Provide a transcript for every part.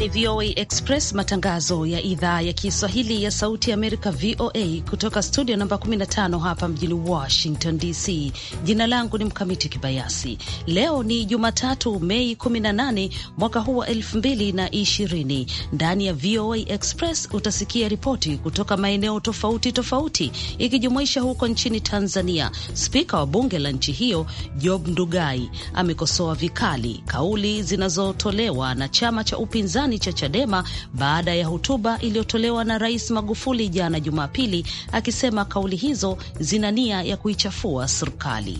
ni VOA Express, matangazo ya idhaa ya Kiswahili ya Sauti ya Amerika, VOA, kutoka studio namba 15 hapa mjini Washington DC. Jina langu ni Mkamiti Kibayasi. Leo ni Jumatatu, Mei 18 mwaka huu wa 2020. Ndani ya VOA Express utasikia ripoti kutoka maeneo tofauti tofauti, ikijumuisha huko nchini Tanzania. Spika wa bunge la nchi hiyo Job Ndugai amekosoa vikali kauli zinazotolewa na chama cha upinzani upinzani cha Chadema baada ya hotuba iliyotolewa na Rais Magufuli jana Jumapili akisema kauli hizo zina nia ya kuichafua serikali.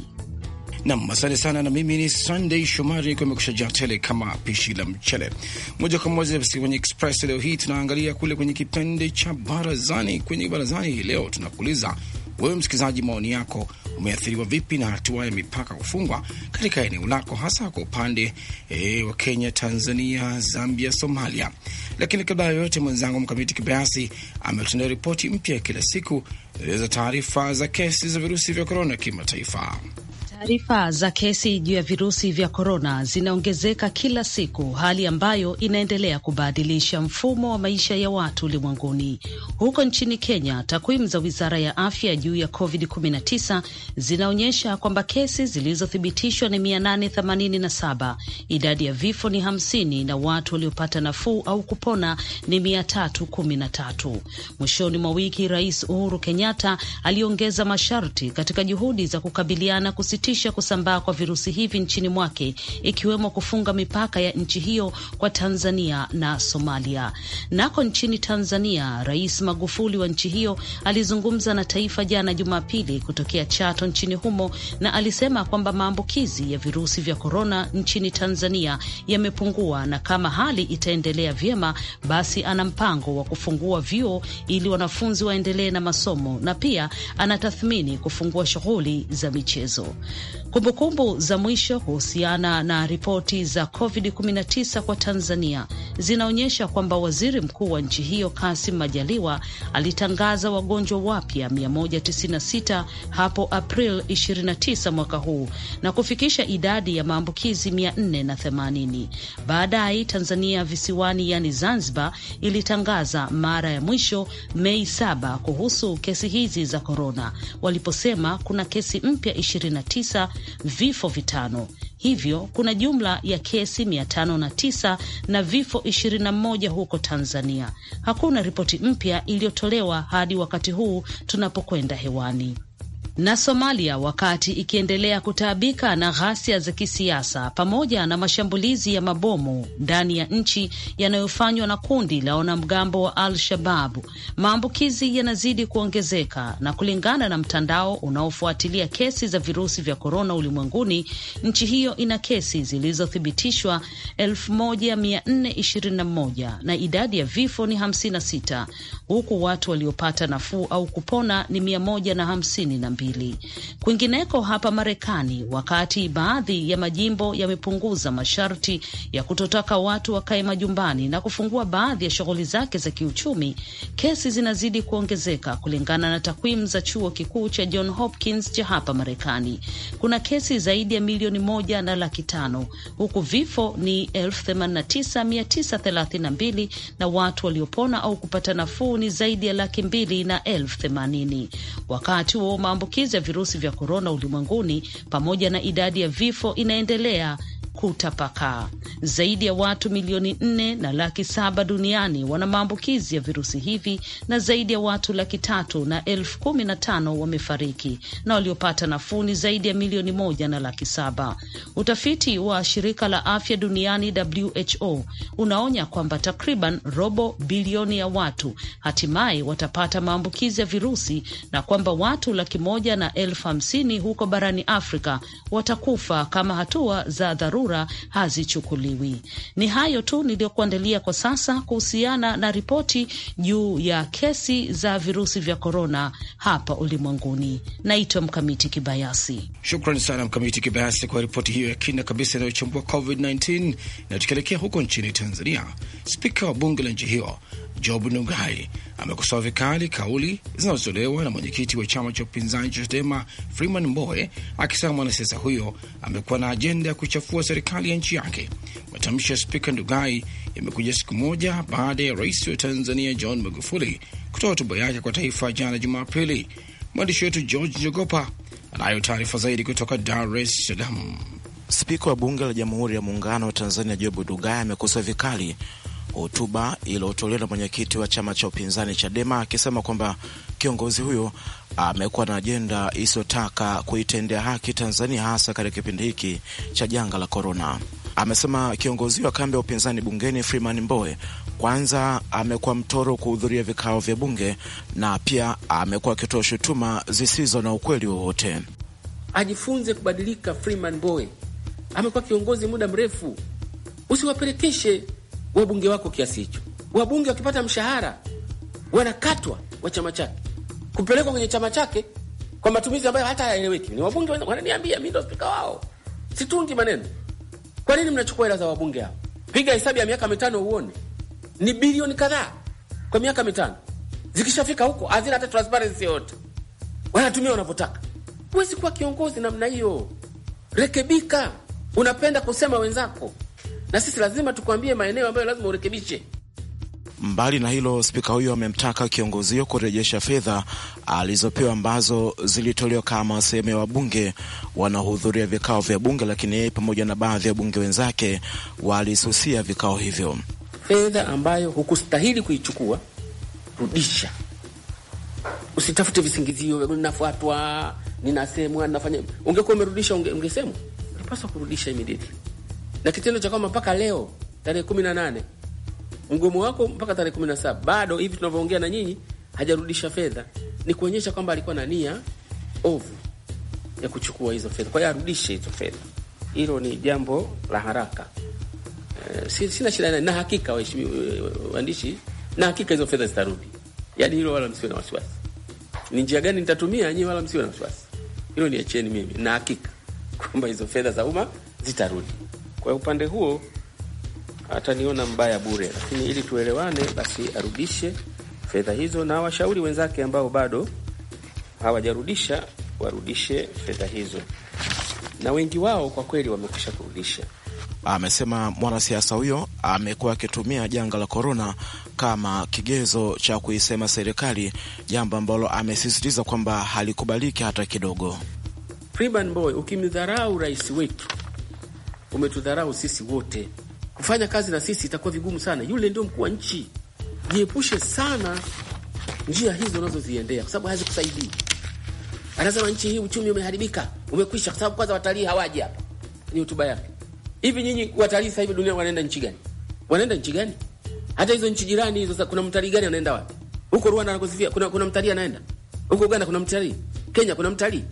Nam, asante sana. Na mimi ni Sunday Shomari, ikiwa imekushajaa tele kama pishi la mchele. Moja kwa moja basi kwenye Express leo hii tunaangalia kule kwenye kipende cha barazani. Kwenye barazani hii leo tunakuuliza wewe msikilizaji, maoni yako umeathiriwa vipi na hatua ya mipaka kufungwa katika eneo lako, hasa kwa upande e, wa Kenya, Tanzania, Zambia, Somalia. Lakini kabla ya yoyote, mwenzangu Mkamiti Kibayasi ametendea ripoti mpya kila siku eh, za taarifa za kesi za virusi vya korona kimataifa. Taarifa za kesi juu ya virusi vya korona zinaongezeka kila siku, hali ambayo inaendelea kubadilisha mfumo wa maisha ya watu ulimwenguni. Huko nchini Kenya, takwimu za wizara ya afya juu ya COVID-19 zinaonyesha kwamba kesi zilizothibitishwa ni 887, idadi ya vifo ni 50 na watu waliopata nafuu au kupona ni 313. Mwishoni mwa wiki, Rais Uhuru Kenyatta aliongeza masharti katika juhudi za kukabiliana kusiti kusitisha kusambaa kwa virusi hivi nchini mwake, ikiwemo kufunga mipaka ya nchi hiyo kwa Tanzania na Somalia. Nako nchini Tanzania, Rais Magufuli wa nchi hiyo alizungumza na taifa jana Jumapili kutokea Chato nchini humo, na alisema kwamba maambukizi ya virusi vya korona nchini Tanzania yamepungua na kama hali itaendelea vyema, basi ana mpango wa kufungua vyuo ili wanafunzi waendelee na masomo na pia anatathmini kufungua shughuli za michezo. Kumbukumbu za mwisho kuhusiana na ripoti za COVID-19 kwa Tanzania zinaonyesha kwamba waziri mkuu wa nchi hiyo kasim Majaliwa alitangaza wagonjwa wapya 196 hapo April 29 mwaka huu na kufikisha idadi ya maambukizi 480. Baadaye Tanzania visiwani yani Zanzibar ilitangaza mara ya mwisho Mei 7 kuhusu kesi hizi za korona, waliposema kuna kesi mpya 29 tisa vifo vitano hivyo kuna jumla ya kesi 509 na vifo 21 huko Tanzania. Hakuna ripoti mpya iliyotolewa hadi wakati huu tunapokwenda hewani na Somalia wakati ikiendelea kutaabika na ghasia za kisiasa pamoja na mashambulizi ya mabomu ndani ya nchi yanayofanywa na kundi la wanamgambo wa Al-Shababu. Maambukizi yanazidi kuongezeka, na kulingana na mtandao unaofuatilia kesi za virusi vya korona ulimwenguni, nchi hiyo ina kesi zilizothibitishwa 1421 na idadi ya vifo ni 56 huku watu waliopata nafuu au kupona ni 152 mbili. Kwingineko hapa Marekani, wakati baadhi ya majimbo yamepunguza masharti ya kutotaka watu wakae majumbani na kufungua baadhi ya shughuli zake za kiuchumi, kesi zinazidi kuongezeka kulingana na takwimu za chuo kikuu cha John Hopkins cha hapa Marekani. Kuna kesi zaidi ya milioni moja na laki tano huku vifo ni elfu themanini na tisa mia tisa thelathini na mbili na watu waliopona au kupata nafuu ni zaidi ya laki mbili na elfu themanini wakati huo mambo maambukizi ya virusi vya korona ulimwenguni pamoja na idadi ya vifo inaendelea kutapakaa. Zaidi ya watu milioni nne na laki saba duniani wana maambukizi ya virusi hivi na zaidi ya watu laki tatu na elfu kumi na tano wamefariki na waliopata nafuu ni zaidi ya milioni moja na laki saba. Utafiti wa shirika la afya duniani WHO unaonya kwamba takriban robo bilioni ya watu hatimaye watapata maambukizi ya virusi na kwamba watu laki moja na elfu hamsini huko barani Afrika watakufa kama hatua za dharura kura hazichukuliwi. Ni hayo tu niliyokuandalia kwa sasa kuhusiana na ripoti juu ya kesi za virusi vya korona hapa ulimwenguni. Naitwa Mkamiti Kibayasi. Shukran sana Mkamiti Kibayasi kwa ripoti hiyo ya kina kabisa inayochambua COVID-19. Na tukielekea huko nchini Tanzania, spika wa bunge la nchi hiyo Job Ndugai amekosoa vikali kauli zinazotolewa na mwenyekiti wa chama cha upinzani cha Chadema Freeman Mbowe, akisema mwanasiasa huyo amekuwa na ajenda ya kuchafua serikali ya nchi yake. Matamshi ya Spika Ndugai yamekuja siku moja baada ya rais wa Tanzania John Magufuli kutoa hotuba yake kwa taifa jana Jumapili. Mwandishi wetu George Njogopa anayo taarifa zaidi kutoka Dar es Salaam. Spika wa Bunge la Jamhuri ya Muungano wa Tanzania Job Ndugai amekosoa vikali hotuba iliyotolewa na mwenyekiti wa chama cha upinzani Chadema akisema kwamba kiongozi huyo amekuwa na ajenda isiyotaka kuitendea haki Tanzania, hasa katika kipindi hiki cha janga la korona. Amesema kiongozi wa kambi ya upinzani bungeni Freeman Mbowe kwanza amekuwa mtoro kuhudhuria vikao vya bunge na pia amekuwa akitoa shutuma zisizo na ukweli wowote. Ajifunze kubadilika. Freeman Mbowe amekuwa kiongozi muda mrefu, usiwapelekeshe wabunge wako kiasi hicho. Wabunge wakipata mshahara wanakatwa wa chama chake kupelekwa kwenye chama chake kwa matumizi ambayo hata hayaeleweki. Ni wabunge wananiambia mi ndo spika wao, situngi maneno. Kwa nini mnachukua hela za wabunge hao? Piga hesabu ya miaka mitano uone, ni bilioni kadhaa kwa miaka mitano. Zikishafika huko hazina hata transparency yote, wanatumia wanavyotaka. Huwezi kuwa kiongozi namna hiyo, rekebika. Unapenda kusema wenzako na sisi lazima tukwambie maeneo ambayo lazima urekebishe. Mbali na hilo, spika huyo amemtaka kiongozi huyo kurejesha fedha alizopewa ambazo zilitolewa kama sehemu ya wabunge wanaohudhuria vikao vya bunge, lakini yeye pamoja na baadhi ya wabunge wenzake walisusia vikao hivyo. Fedha ambayo hukustahili kuichukua, rudisha. Usitafute visingizio, ninafuatwa, ninasemwa, nafanya. Ungekuwa umerudisha, ungesemwa. Unapaswa kurudisha immediately na kitendo cha kwamba mpaka leo tarehe kumi na nane mgomo wako mpaka tarehe kumi na saba bado hivi tunavyoongea na nyinyi hajarudisha fedha, ni kuonyesha kwamba alikuwa na nia ovu ya kuchukua hizo fedha. Kwa hiyo arudishe hizo fedha, hilo ni jambo la haraka. E, sina shida na hakika, waandishi, na hakika hizo fedha zitarudi. Yani hilo wala msiwe na wasiwasi. Ni njia gani nitatumia, nyinyi wala msiwe na wasiwasi, hilo niacheni mimi, na hakika kwamba hizo fedha za umma zitarudi. Kwa upande huo ataniona mbaya bure, lakini ili tuelewane, basi arudishe fedha hizo, na washauri wenzake ambao bado hawajarudisha warudishe fedha hizo, na wengi wao kwa kweli wamekwisha kurudisha. Amesema mwanasiasa huyo amekuwa akitumia janga la korona kama kigezo cha kuisema serikali, jambo ambalo amesisitiza kwamba halikubaliki hata kidogo. Freeman Boy, ukimdharau rais wetu umetudharau sisi wote, kufanya kazi na sisi itakuwa vigumu sana. Yule ndio mkuu wa nchi. Jiepushe sana njia hizo unazoziendea, kwa sababu hazikusaidii. Anasema nchi hii uchumi umeharibika, umekwisha, kwa sababu kwanza watalii hawaji hapa. Ni hotuba yake. Hivi nyinyi watalii sasa hivi dunia wanaenda nchi gani? Wanaenda nchi gani? Hata hizo nchi jirani hizo, kuna mtalii gani anaenda wapi? Huko Rwanda anakosifia, kuna kuna mtalii anaenda huko. Uganda kuna mtalii, Kenya kuna mtalii,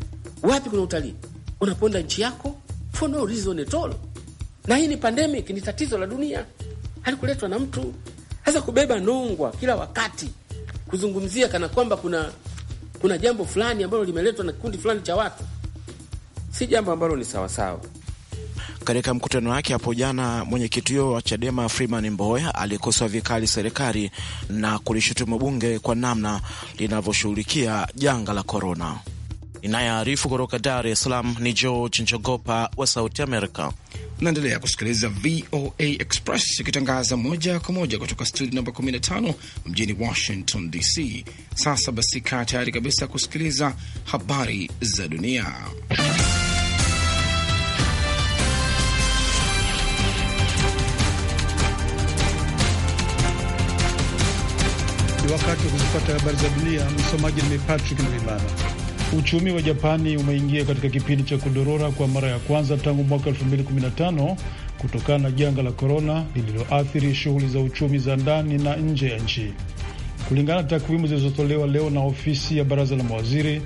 wapi kuna utalii? Unaponda nchi yako for no reason at all na hii ni pandemic, ni tatizo la dunia, halikuletwa na mtu. Sasa kubeba nongwa kila wakati kuzungumzia kana kwamba kuna kuna jambo fulani ambalo limeletwa na kikundi fulani cha watu, si jambo ambalo ni sawasawa. Katika mkutano wake hapo jana, mwenyekiti huyo wa Chadema Freeman Mbowe alikosoa vikali serikali na kulishutumu bunge kwa namna linavyoshughulikia janga la korona. Inayoarifu kutoka Dar es Salaam ni George Njogopa wa Sauti Amerika. Naendelea kusikiliza VOA Express ikitangaza moja kwa moja kutoka studio namba 15 mjini Washington DC. Sasa basi, kaa tayari kabisa kusikiliza habari za dunia. wakati wa kuzipata habari za dunia. Msomaji ni Patrick Mlimana. Uchumi wa Japani umeingia katika kipindi cha kudorora kwa mara ya kwanza tangu mwaka 2015 kutokana na janga la korona lililoathiri shughuli za uchumi za ndani na nje ya nchi. Kulingana na takwimu zilizotolewa leo na ofisi ya baraza la mawaziri,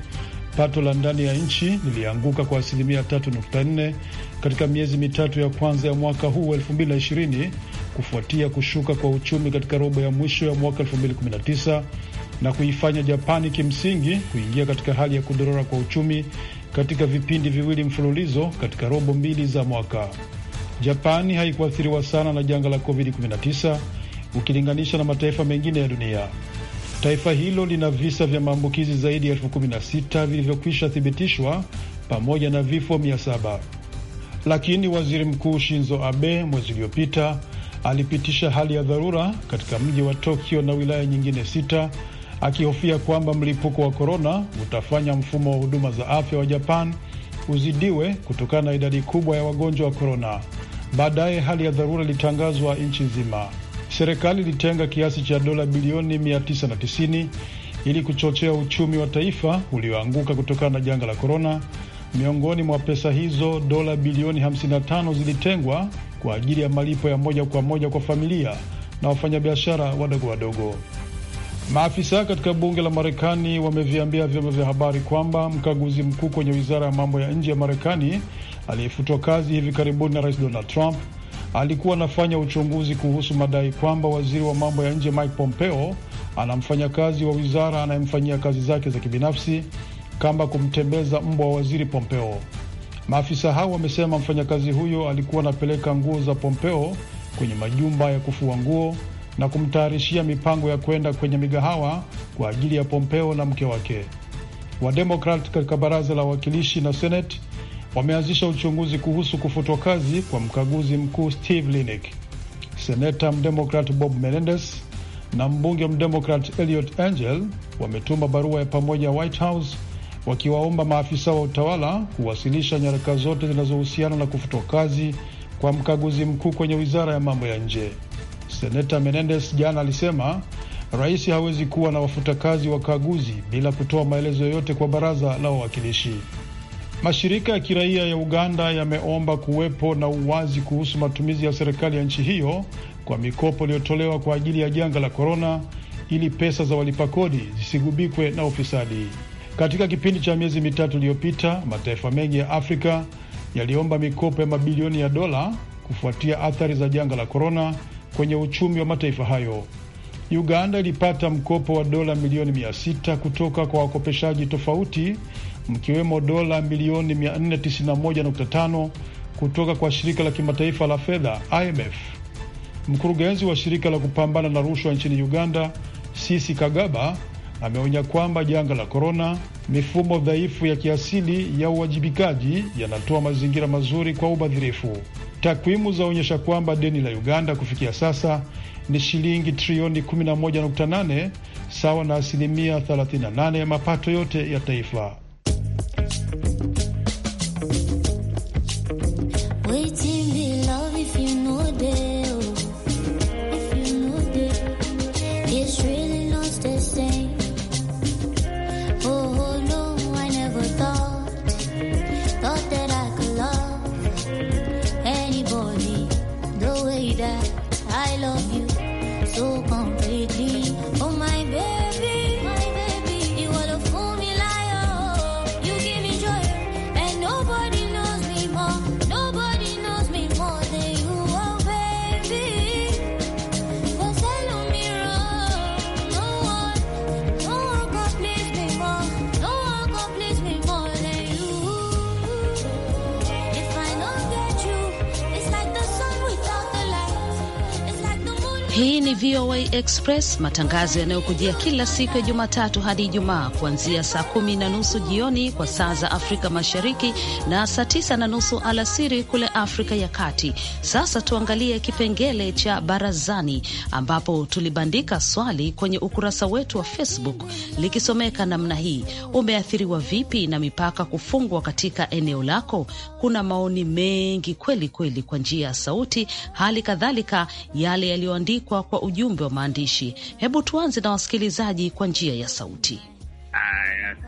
pato la ndani ya nchi lilianguka kwa asilimia 3.4 katika miezi mitatu ya kwanza ya mwaka huu 2020 kufuatia kushuka kwa uchumi katika robo ya mwisho ya mwaka 2019 na kuifanya Japani kimsingi kuingia katika hali ya kudorora kwa uchumi katika vipindi viwili mfululizo katika robo mbili za mwaka. Japani haikuathiriwa sana na janga la COVID-19 ukilinganisha na mataifa mengine ya dunia. Taifa hilo lina visa vya maambukizi zaidi ya elfu kumi na sita vilivyokwisha thibitishwa pamoja na vifo mia saba lakini waziri mkuu Shinzo Abe mwezi uliopita alipitisha hali ya dharura katika mji wa Tokyo na wilaya nyingine sita akihofia kwamba mlipuko wa korona utafanya mfumo wa huduma za afya wa Japan uzidiwe kutokana na idadi kubwa ya wagonjwa wa korona. Baadaye hali ya dharura ilitangazwa nchi nzima. Serikali ilitenga kiasi cha dola bilioni 990 ili kuchochea uchumi wa taifa ulioanguka kutokana na janga la korona. Miongoni mwa pesa hizo, dola bilioni 55 zilitengwa kwa ajili ya malipo ya moja kwa moja kwa familia na wafanyabiashara wadogo wadogo. Maafisa katika bunge la Marekani wameviambia vyombo vya habari kwamba mkaguzi mkuu kwenye wizara ya mambo ya nje ya Marekani aliyefutwa kazi hivi karibuni na Rais Donald Trump alikuwa anafanya uchunguzi kuhusu madai kwamba waziri wa mambo ya nje Mike Pompeo ana mfanyakazi wa wizara anayemfanyia kazi zake za kibinafsi kama kumtembeza mbwa wa waziri Pompeo. Maafisa hao wamesema mfanyakazi huyo alikuwa anapeleka nguo za Pompeo kwenye majumba ya kufua nguo na kumtayarishia mipango ya kwenda kwenye migahawa kwa ajili ya Pompeo na mke wake. Wademokrat katika baraza la wawakilishi na Seneti wameanzisha uchunguzi kuhusu kufutwa kazi kwa mkaguzi mkuu Steve Linick. Seneta mdemokrat Bob Menendez na mbunge mdemokrat Eliot Engel wametuma barua ya pamoja White House wakiwaomba maafisa wa utawala kuwasilisha nyaraka zote zinazohusiana na kufutwa kazi kwa mkaguzi mkuu kwenye wizara ya mambo ya nje. Seneta Menendez jana alisema rais hawezi kuwa na wafutakazi wakaguzi bila kutoa maelezo yoyote kwa baraza la wawakilishi. Mashirika ya kiraia ya Uganda yameomba kuwepo na uwazi kuhusu matumizi ya serikali ya nchi hiyo kwa mikopo iliyotolewa kwa ajili ya janga la korona ili pesa za walipa kodi zisigubikwe na ufisadi. Katika kipindi cha miezi mitatu iliyopita, mataifa mengi ya Afrika yaliomba mikopo ya mabilioni ya dola kufuatia athari za janga la korona kwenye uchumi wa mataifa hayo. Uganda ilipata mkopo wa dola milioni 6 kutoka kwa wakopeshaji tofauti mkiwemo dola milioni 491.5 kutoka kwa shirika la kimataifa la fedha IMF. Mkurugenzi wa shirika la kupambana na rushwa nchini Uganda, Sisi Kagaba, ameonya kwamba janga la korona, mifumo dhaifu ya kiasili ya uwajibikaji yanatoa mazingira mazuri kwa ubadhirifu. Takwimu zaonyesha kwamba deni la Uganda kufikia sasa ni shilingi trilioni 11.8 sawa na asilimia 38 ya mapato yote ya taifa. you. ni VOA Express, matangazo yanayokujia kila siku ya Jumatatu hadi Ijumaa kuanzia saa kumi na nusu jioni kwa saa za Afrika Mashariki na saa tisa na nusu alasiri kule Afrika ya Kati. Sasa tuangalie kipengele cha barazani, ambapo tulibandika swali kwenye ukurasa wetu wa Facebook likisomeka namna hii: umeathiriwa vipi na mipaka kufungwa katika eneo lako? Kuna maoni mengi kweli kweli kwa njia ya sauti, hali kadhalika yale yaliyoandikwa kwa ujumbe wa maandishi. Hebu tuanze na wasikilizaji kwa njia ya sauti.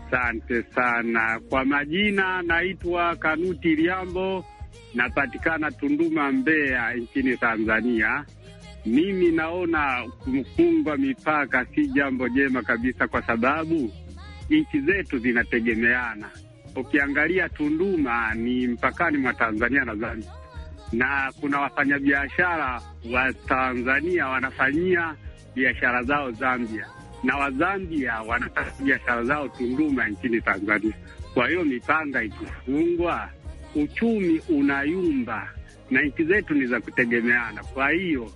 asante sana kwa majina. Naitwa Kanuti Liambo, napatikana Tunduma, Mbeya nchini Tanzania. Mimi naona kufungwa mipaka si jambo jema kabisa, kwa sababu nchi zetu zinategemeana. Ukiangalia Tunduma ni mpakani mwa Tanzania na Zambia na kuna wafanyabiashara wa Tanzania wanafanyia biashara zao Zambia na Wazambia wanafanya biashara zao Tunduma nchini Tanzania. Kwa hiyo mipanga ikifungwa, uchumi unayumba na nchi zetu ni za kutegemeana. Kwa hiyo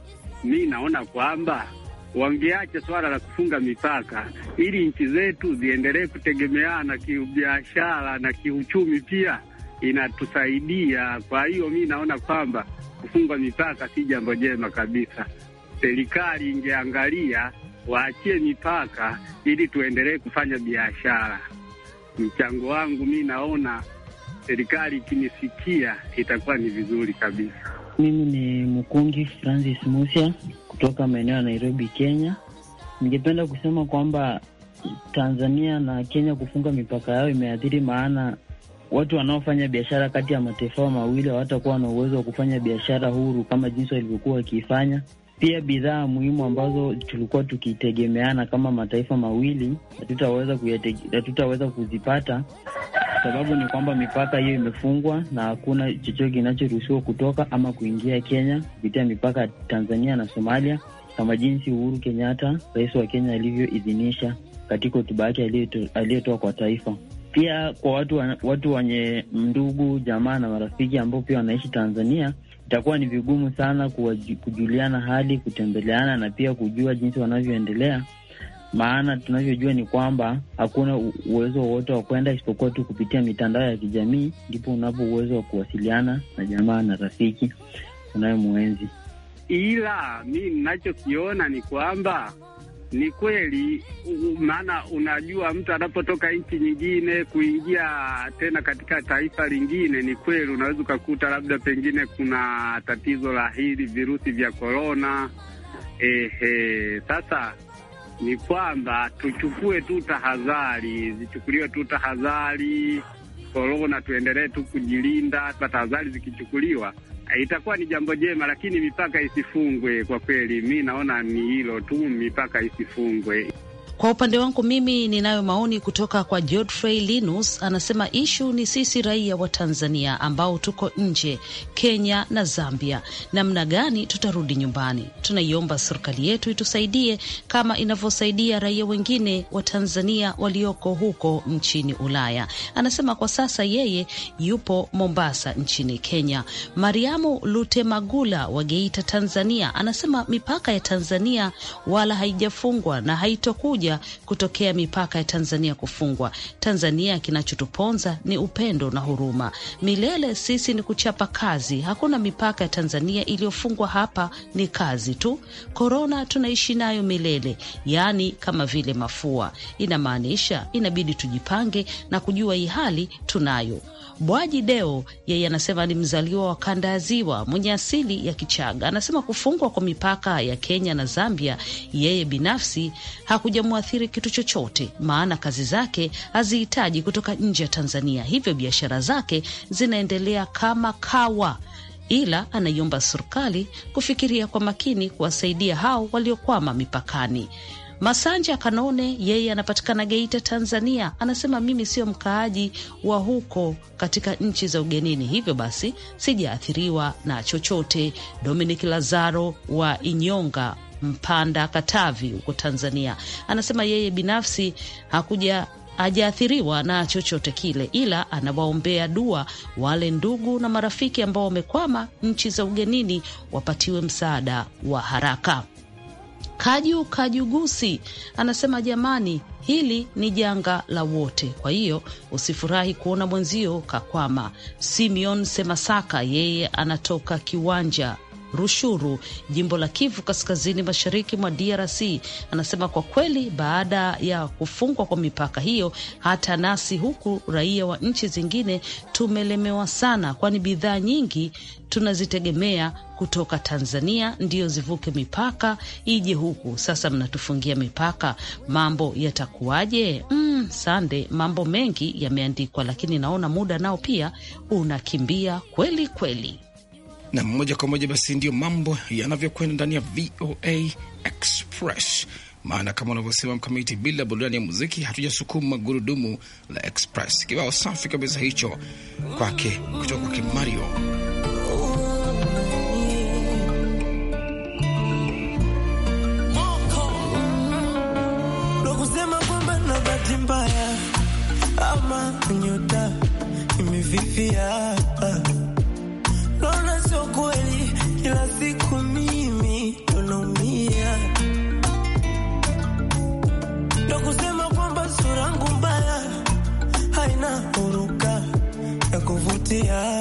mi naona kwamba wangeacha swala la kufunga mipaka ili nchi zetu ziendelee kutegemeana kibiashara na kiuchumi pia inatusaidia. Kwa hiyo mi naona kwamba kufungwa mipaka si jambo jema kabisa. Serikali ingeangalia waachie mipaka ili tuendelee kufanya biashara. Mchango wangu mi naona serikali ikinisikia itakuwa ni vizuri kabisa. Mimi ni Mkungi Francis Musia kutoka maeneo ya Nairobi, Kenya. Ningependa kusema kwamba Tanzania na Kenya kufunga mipaka yao imeathiri, maana watu wanaofanya biashara kati ya mataifa mawili hawatakuwa na uwezo wa kufanya biashara huru kama jinsi walivyokuwa wakiifanya. Pia bidhaa muhimu ambazo tulikuwa tukitegemeana kama mataifa mawili hatutaweza hatutaweza kuzipata, sababu ni kwamba mipaka hiyo imefungwa na hakuna chochote kinachoruhusiwa kutoka ama kuingia Kenya kupitia mipaka ya Tanzania na Somalia, kama jinsi Uhuru Kenyatta, rais wa Kenya, alivyoidhinisha katika hotuba yake aliyotoa kwa taifa. Pia kwa watu watu wenye ndugu, jamaa na marafiki ambao pia wanaishi Tanzania, itakuwa ni vigumu sana kujuliana hali, kutembeleana na pia kujua jinsi wanavyoendelea, maana tunavyojua ni kwamba hakuna uwezo wowote wa kwenda isipokuwa tu kupitia mitandao ya kijamii, ndipo unapo uwezo wa kuwasiliana na jamaa na rafiki unayemwenzi. Ila mi ninachokiona ni kwamba ni kweli, maana unajua mtu anapotoka nchi nyingine kuingia tena katika taifa lingine, ni kweli unaweza ukakuta labda pengine kuna tatizo la hili virusi vya korona. Ehe, sasa ni kwamba tuchukue tu tahadhari, zichukuliwe tu tahadhari korona, tuendelee tu kujilinda. Tahadhari zikichukuliwa itakuwa ni jambo jema, lakini mipaka isifungwe. Kwa kweli, mi naona ni hilo tu, mipaka isifungwe. Kwa upande wangu mimi ninayo maoni kutoka kwa Godfrey Linus, anasema ishu ni sisi raia wa Tanzania ambao tuko nje, Kenya na Zambia, namna gani tutarudi nyumbani? Tunaiomba serikali yetu itusaidie kama inavyosaidia raia wengine wa Tanzania walioko huko nchini Ulaya. Anasema kwa sasa yeye yupo Mombasa nchini Kenya. Mariamu Lutemagula wa Geita, Tanzania, anasema mipaka ya Tanzania wala haijafungwa na haitokuja moja kutokea mipaka ya Tanzania kufungwa. Tanzania kinachotuponza ni upendo na huruma milele. Sisi ni kuchapa kazi, hakuna mipaka ya Tanzania iliyofungwa. Hapa ni kazi tu. Korona tunaishi nayo milele, yaani kama vile mafua. Inamaanisha inabidi tujipange na kujua hii hali tunayo. Bwaji Deo yeye anasema ni mzaliwa wa kanda ya Ziwa mwenye asili ya Kichaga, anasema kufungwa kwa mipaka ya Kenya na Zambia yeye binafsi hakujamua hamwathiri kitu chochote, maana kazi zake hazihitaji kutoka nje ya Tanzania, hivyo biashara zake zinaendelea kama kawa ila anaiomba serikali kufikiria kwa makini kuwasaidia hao waliokwama mipakani. Masanja Kanone yeye anapatikana Geita, Tanzania, anasema mimi sio mkaaji wa huko katika nchi za ugenini, hivyo basi sijaathiriwa na chochote. Dominic Lazaro wa Inyonga Mpanda, Katavi huko Tanzania, anasema yeye binafsi hakuja hajaathiriwa na chochote kile, ila anawaombea dua wale ndugu na marafiki ambao wamekwama nchi za ugenini wapatiwe msaada wa haraka. Kaju Kajugusi anasema jamani, hili ni janga la wote, kwa hiyo usifurahi kuona mwenzio kakwama. Simeon Semasaka yeye anatoka Kiwanja Rushuru, jimbo la Kivu kaskazini mashariki mwa DRC. Anasema kwa kweli, baada ya kufungwa kwa mipaka hiyo, hata nasi huku raia wa nchi zingine tumelemewa sana, kwani bidhaa nyingi tunazitegemea kutoka Tanzania ndiyo zivuke mipaka ije huku. Sasa mnatufungia mipaka, mambo yatakuwaje? Mm, sande. Mambo mengi yameandikwa, lakini naona muda nao pia unakimbia kweli kweli na moja kwa moja basi ndiyo mambo yanavyokwenda ndani ya VOA Express, maana kama unavyosema Mkamiti, bila burudani ya muziki hatujasukuma gurudumu la Express. Kibao safi kabisa hicho kwake kutoka kwake Mario. ama nyota kuvutia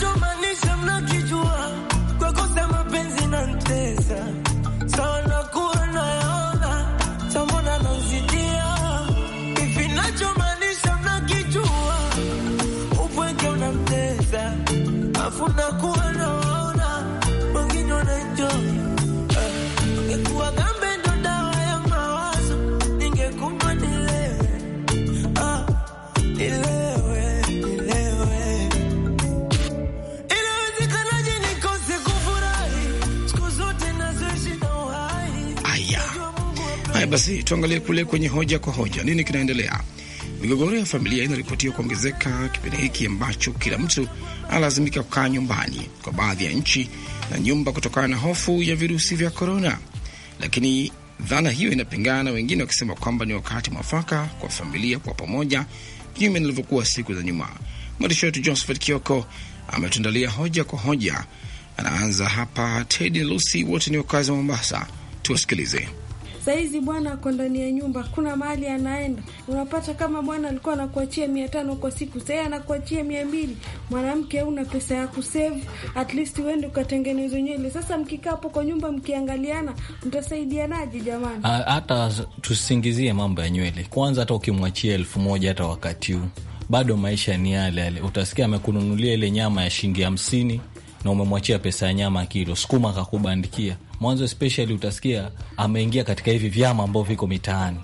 Yo basi tuangalie kule kwenye hoja kwa hoja, nini kinaendelea? Migogoro ya familia inaripotiwa kuongezeka kipindi hiki ambacho kila mtu analazimika kukaa nyumbani kwa baadhi ya nchi na nyumba kutokana na hofu ya virusi vya korona. Lakini dhana hiyo inapingana, wengine wakisema kwamba ni wakati mwafaka kwa familia kwa pamoja, kinyume nilivyokuwa siku za nyuma. Mwandishi wetu Josephat Kioko ametuandalia hoja kwa hoja, anaanza hapa. Tedi Lusi wote ni wakazi wa Mombasa, tuwasikilize. Saizi bwana ako ndani ya nyumba, kuna mahali anaenda. Unapata kama bwana alikuwa anakuachia mia tano kwa siku, sahii anakuachia mia mbili. Mwanamke una pesa ya kusevu, at least uende ukatengenezwe nywele. Sasa mkikaa hapo kwa nyumba mkiangaliana, mtasaidianaje jamani? Ah, hata tusingizie mambo ya nywele kwanza, hata ukimwachia elfu moja hata wakati huu bado maisha ni yale yale, utasikia amekununulia ile nyama ya shilingi hamsini na umemwachia pesa ya nyama kilo, sukuma akakubandikia mwanzo especially utasikia ameingia katika hivi vyama ambao viko mitaani.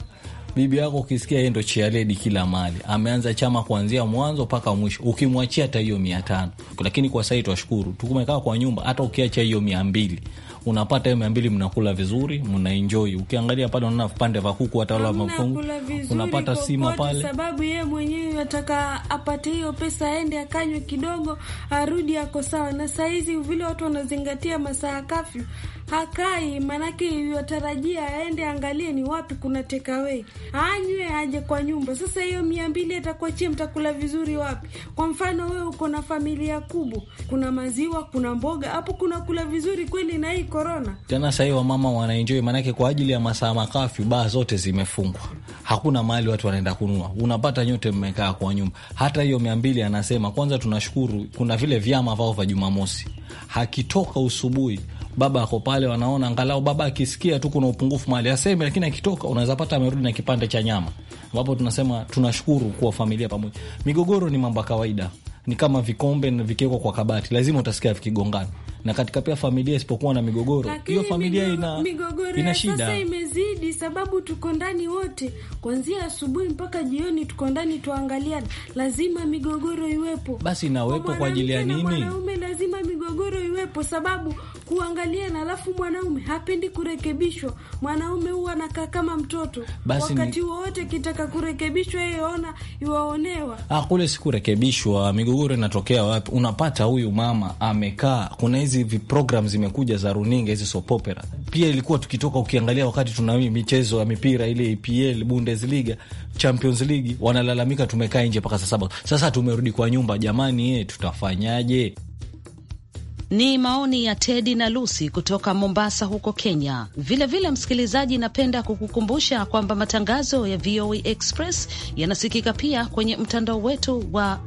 Bibi yako ukisikia yeye ndo chialedi kila mali, ameanza chama kuanzia mwanzo mpaka mwisho, ukimwachia hata hiyo mia tano. Lakini kwa sahii twashukuru, tumekaa kwa nyumba, hata ukiacha hiyo mia mbili unapata hiyo mia mbili, mnakula vizuri, mnaenjoi. Ukiangalia pale unaona vipande vya kuku, hata wala mafungu unapata sima pale, sababu yeye mwenyewe ataka apate hiyo pesa, aende akanywe kidogo, arudi ako sawa. Na sahizi vile watu wanazingatia masaa kafyu hakai, maanake iliyotarajia aende angalie ni wapi kuna takeaway, anywe aje kwa nyumba. Sasa hiyo mia mbili atakuachia, mtakula vizuri wapi? Kwa mfano wewe uko na familia kubwa, kuna maziwa, kuna mboga, hapo kuna kula vizuri kweli? Na hii korona tena sahii wamama wanaenjoi, maanake kwa ajili ya masaa makafi baa zote zimefungwa, hakuna mahali watu wanaenda kununua, unapata nyote mmekaa kwa nyumba. Hata hiyo mia mbili anasema kwanza tunashukuru, kuna vile vyama vao vya Jumamosi hakitoka usubuhi baba ako pale, wanaona angalau baba akisikia tu kuna upungufu mali aseme, lakini akitoka unaweza pata amerudi na kipande cha nyama, ambapo tunasema tunashukuru kuwa familia pamoja. Migogoro ni mambo ya kawaida, ni kama vikombe na vikiwekwa kwa kabati, lazima utasikia vikigongana. Na katika pia familia isipokuwa na migogoro, hiyo familia ina migogoro ina shida. Sasa imezidi, sababu tuko ndani wote, kuanzia asubuhi mpaka jioni, tuko ndani tuangalia, lazima migogoro iwepo. Basi inawepo kwa ajili ya nini? Lazima migogoro iwepo, sababu kuangalia, na alafu mwanaume hapendi kurekebishwa. Mwanaume huwa anakaa kama mtoto basi, wakati wowote kitaka kurekebishwa yeye ona iwaonewa. Ah, kule sikurekebishwa. Migogoro inatokea wapi? Unapata huyu mama amekaa, kuna hizi viprogram zimekuja za runinga hizi soap opera. Pia ilikuwa tukitoka, ukiangalia wakati tuna michezo ya mipira ile EPL, Bundesliga, Champions League, wanalalamika tumekaa nje mpaka saa saba. Sasa tumerudi kwa nyumba, jamani, ye, eh, tutafanyaje? Ni maoni ya Tedi na Lusi kutoka Mombasa huko Kenya. Vilevile vile, msikilizaji, napenda kukukumbusha kwamba matangazo ya VOA e Express yanasikika pia kwenye mtandao wetu wa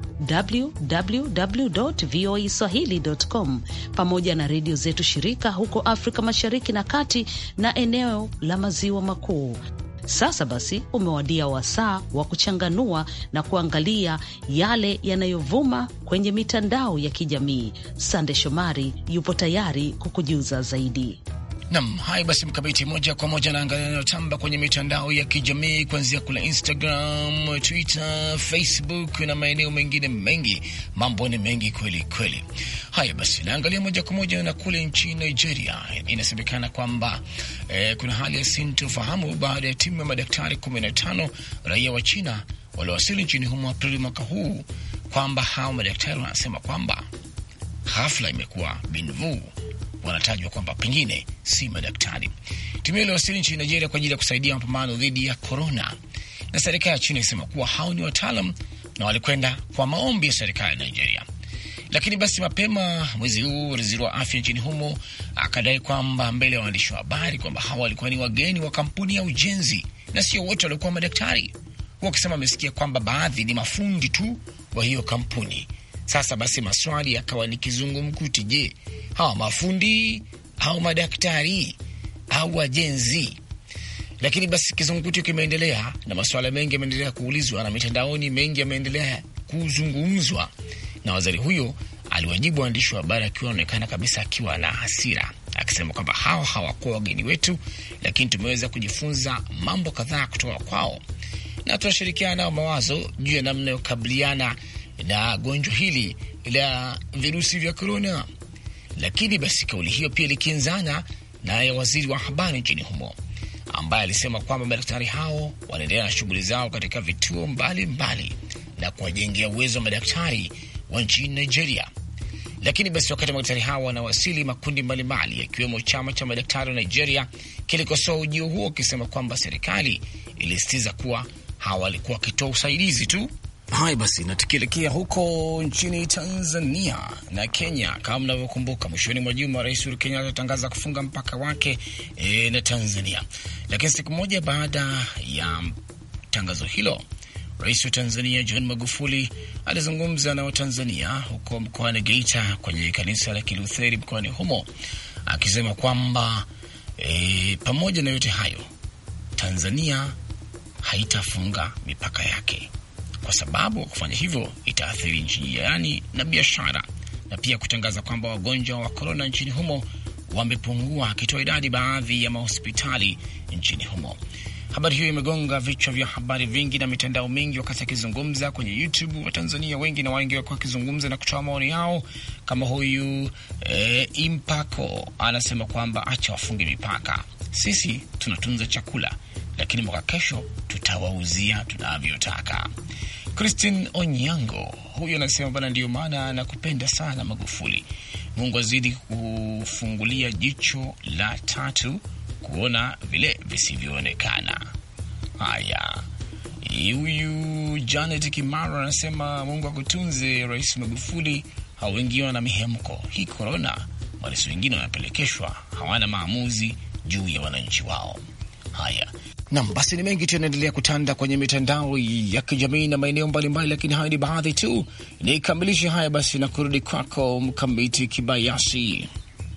www voa swahili.com pamoja na redio zetu shirika huko Afrika Mashariki na Kati na eneo la Maziwa Makuu. Sasa basi umewadia wasaa wa kuchanganua na kuangalia yale yanayovuma kwenye mitandao ya kijamii. Sande Shomari yupo tayari kukujuza zaidi. Nam hai basi, mkabiti moja kwa moja naangalia yanayotamba kwenye mitandao ya kijamii kuanzia kule Instagram, Twitter, Facebook na maeneo mengine mengi. Mambo ni mengi kweli kweli. Haya basi, naangalia moja kwa moja na kule nchini Nigeria. Inasemekana kwamba eh, kuna hali ya sintofahamu baada ya timu ya madaktari 15 raia wa China waliowasili nchini humo Aprili mwaka huu, kwamba hao madaktari wanasema kwamba ghafla imekuwa Binvu wanatajwa kwamba pengine si madaktari. Timu hiyo iliwasili nchini Nigeria kwa ajili ya kusaidia mapambano dhidi ya korona, na serikali ya China inasema kuwa hao ni wataalam na walikwenda kwa maombi ya serikali ya Nigeria. Lakini basi mapema mwezi huu waziri wa afya nchini humo akadai kwamba mbele ya waandishi wa habari kwamba hawa walikuwa ni wageni wa kampuni ya ujenzi na sio wote waliokuwa madaktari, wakisema amesikia kwamba baadhi ni mafundi tu wa hiyo kampuni sasa basi, maswali yakawa ni kizungumkuti. Je, hawa mafundi au madaktari au wajenzi? Lakini basi kizungumkuti kimeendelea na maswala mengi yameendelea kuulizwa na mitandaoni, mengi yameendelea kuzungumzwa, na waziri huyo aliwajibu waandishi wa habari akiwa anaonekana kabisa akiwa na hasira, akisema kwamba hawa hawakuwa wageni wetu, lakini tumeweza kujifunza mambo kadhaa kutoka kwao na tunashirikiana nao mawazo juu ya namna ya kukabiliana na gonjwa hili la virusi vya korona. Lakini basi kauli hiyo pia ilikinzana na ya waziri wa habari nchini humo ambaye alisema kwamba madaktari hao wanaendelea na shughuli zao katika vituo mbalimbali mbali, na kuwajengea uwezo wa madaktari wa nchini Nigeria. Lakini basi wakati madaktari hao wanawasili, makundi mbalimbali yakiwemo chama cha madaktari wa Nigeria kilikosoa ujio huo, ukisema kwamba serikali ilisitiza kuwa hawa walikuwa wakitoa usaidizi tu Haya basi, na tukielekea huko nchini Tanzania na Kenya, kama mnavyokumbuka, mwishoni mwa juma Rais Uhuru Kenyatta alitangaza kufunga mpaka wake e, na Tanzania. Lakini siku moja baada ya tangazo hilo, Rais wa Tanzania John Magufuli alizungumza na Watanzania huko mkoani Geita kwenye kanisa la Kilutheri mkoani humo, akisema kwamba e, pamoja na yote hayo Tanzania haitafunga mipaka yake kwa sababu kufanya hivyo itaathiri nchi jirani na biashara, na pia kutangaza kwamba wagonjwa wa korona nchini humo wamepungua, akitoa idadi baadhi ya mahospitali nchini humo. Habari hiyo imegonga vichwa vya habari vingi na mitandao mingi wakati akizungumza kwenye YouTube. Watanzania wengi na wengi wakiwa wakizungumza na kutoa maoni yao, kama huyu eh, Impako anasema kwamba acha wafunge mipaka, sisi tunatunza chakula lakini mwaka kesho tutawauzia tunavyotaka. Christine Onyango huyu anasema bana, ndiyo maana nakupenda sana Magufuli. Mungu azidi kufungulia jicho la tatu kuona vile visivyoonekana. Haya, huyu Janet Kimaro anasema Mungu akutunze Rais Magufuli, hawengiwa na mihemko hii korona. Marais wengine wanapelekeshwa, hawana maamuzi juu ya wananchi wao haya. Nam basi, ni mengi tu yanaendelea kutanda kwenye mitandao ya kijamii na maeneo mbalimbali, lakini hayo ni baadhi tu. Nikamilishe haya basi na kurudi kwako Mkamiti Kibayasi.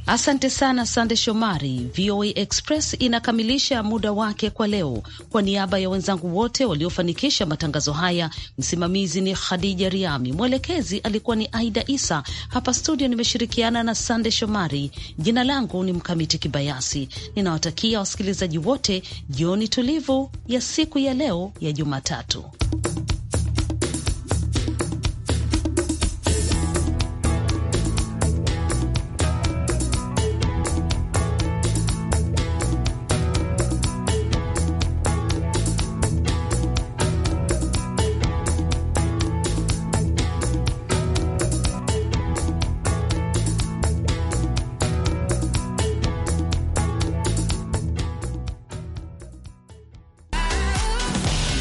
Asante sana Sande Shomari. VOA Express inakamilisha muda wake kwa leo. Kwa niaba ya wenzangu wote waliofanikisha matangazo haya, msimamizi ni Khadija Riami, mwelekezi alikuwa ni Aida Isa. Hapa studio nimeshirikiana na Sande Shomari. Jina langu ni Mkamiti Kibayasi, ninawatakia wasikilizaji wote jioni tulivu ya siku ya leo ya Jumatatu.